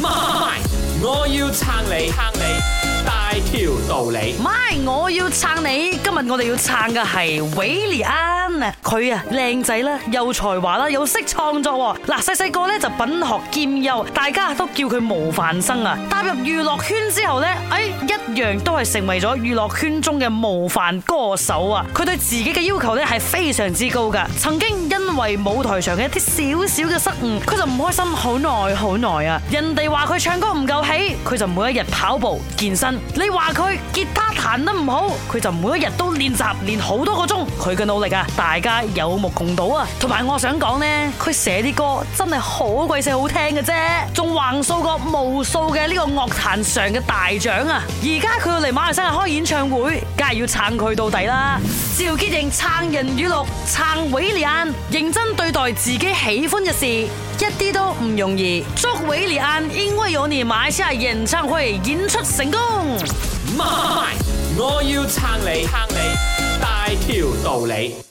媽，我要撐你，撐你大條道理。媽，我要撐你，今日我哋要撐嘅係維利安佢啊，靚仔啦，有才華啦，又識創作啊。嗱，啊，細細個咧就品學兼優，大家都叫佢模範生啊。踏入娛樂圈之後呢，哎，一樣都係成為咗娛樂圈中嘅模範歌手啊。佢對自己嘅要求呢係非常之高噶。曾經因為舞台上嘅一啲小小嘅失誤，佢就唔開心好耐好耐啊。人哋話佢唱歌唔夠氣，佢就每一日跑步健身。你話佢，彈得唔好，佢就每一日都練習，練好多個鐘。佢嘅努力啊，大家有目共睹啊。同埋，我想講呢，佢寫啲歌真係好鬼死好聽嘅啫，仲橫掃過無數嘅呢個樂壇上嘅大獎啊！而家佢要嚟馬來西亞開演唱會，梗係要撐佢到底啦。趙潔瑩撐人語錄，撐韋禮安，認真對待自己喜歡嘅事，一啲都唔容易。祝韋禮安因為有你，馬來西亞演唱會演出成功。媽我要撐你，撐你，大條道理。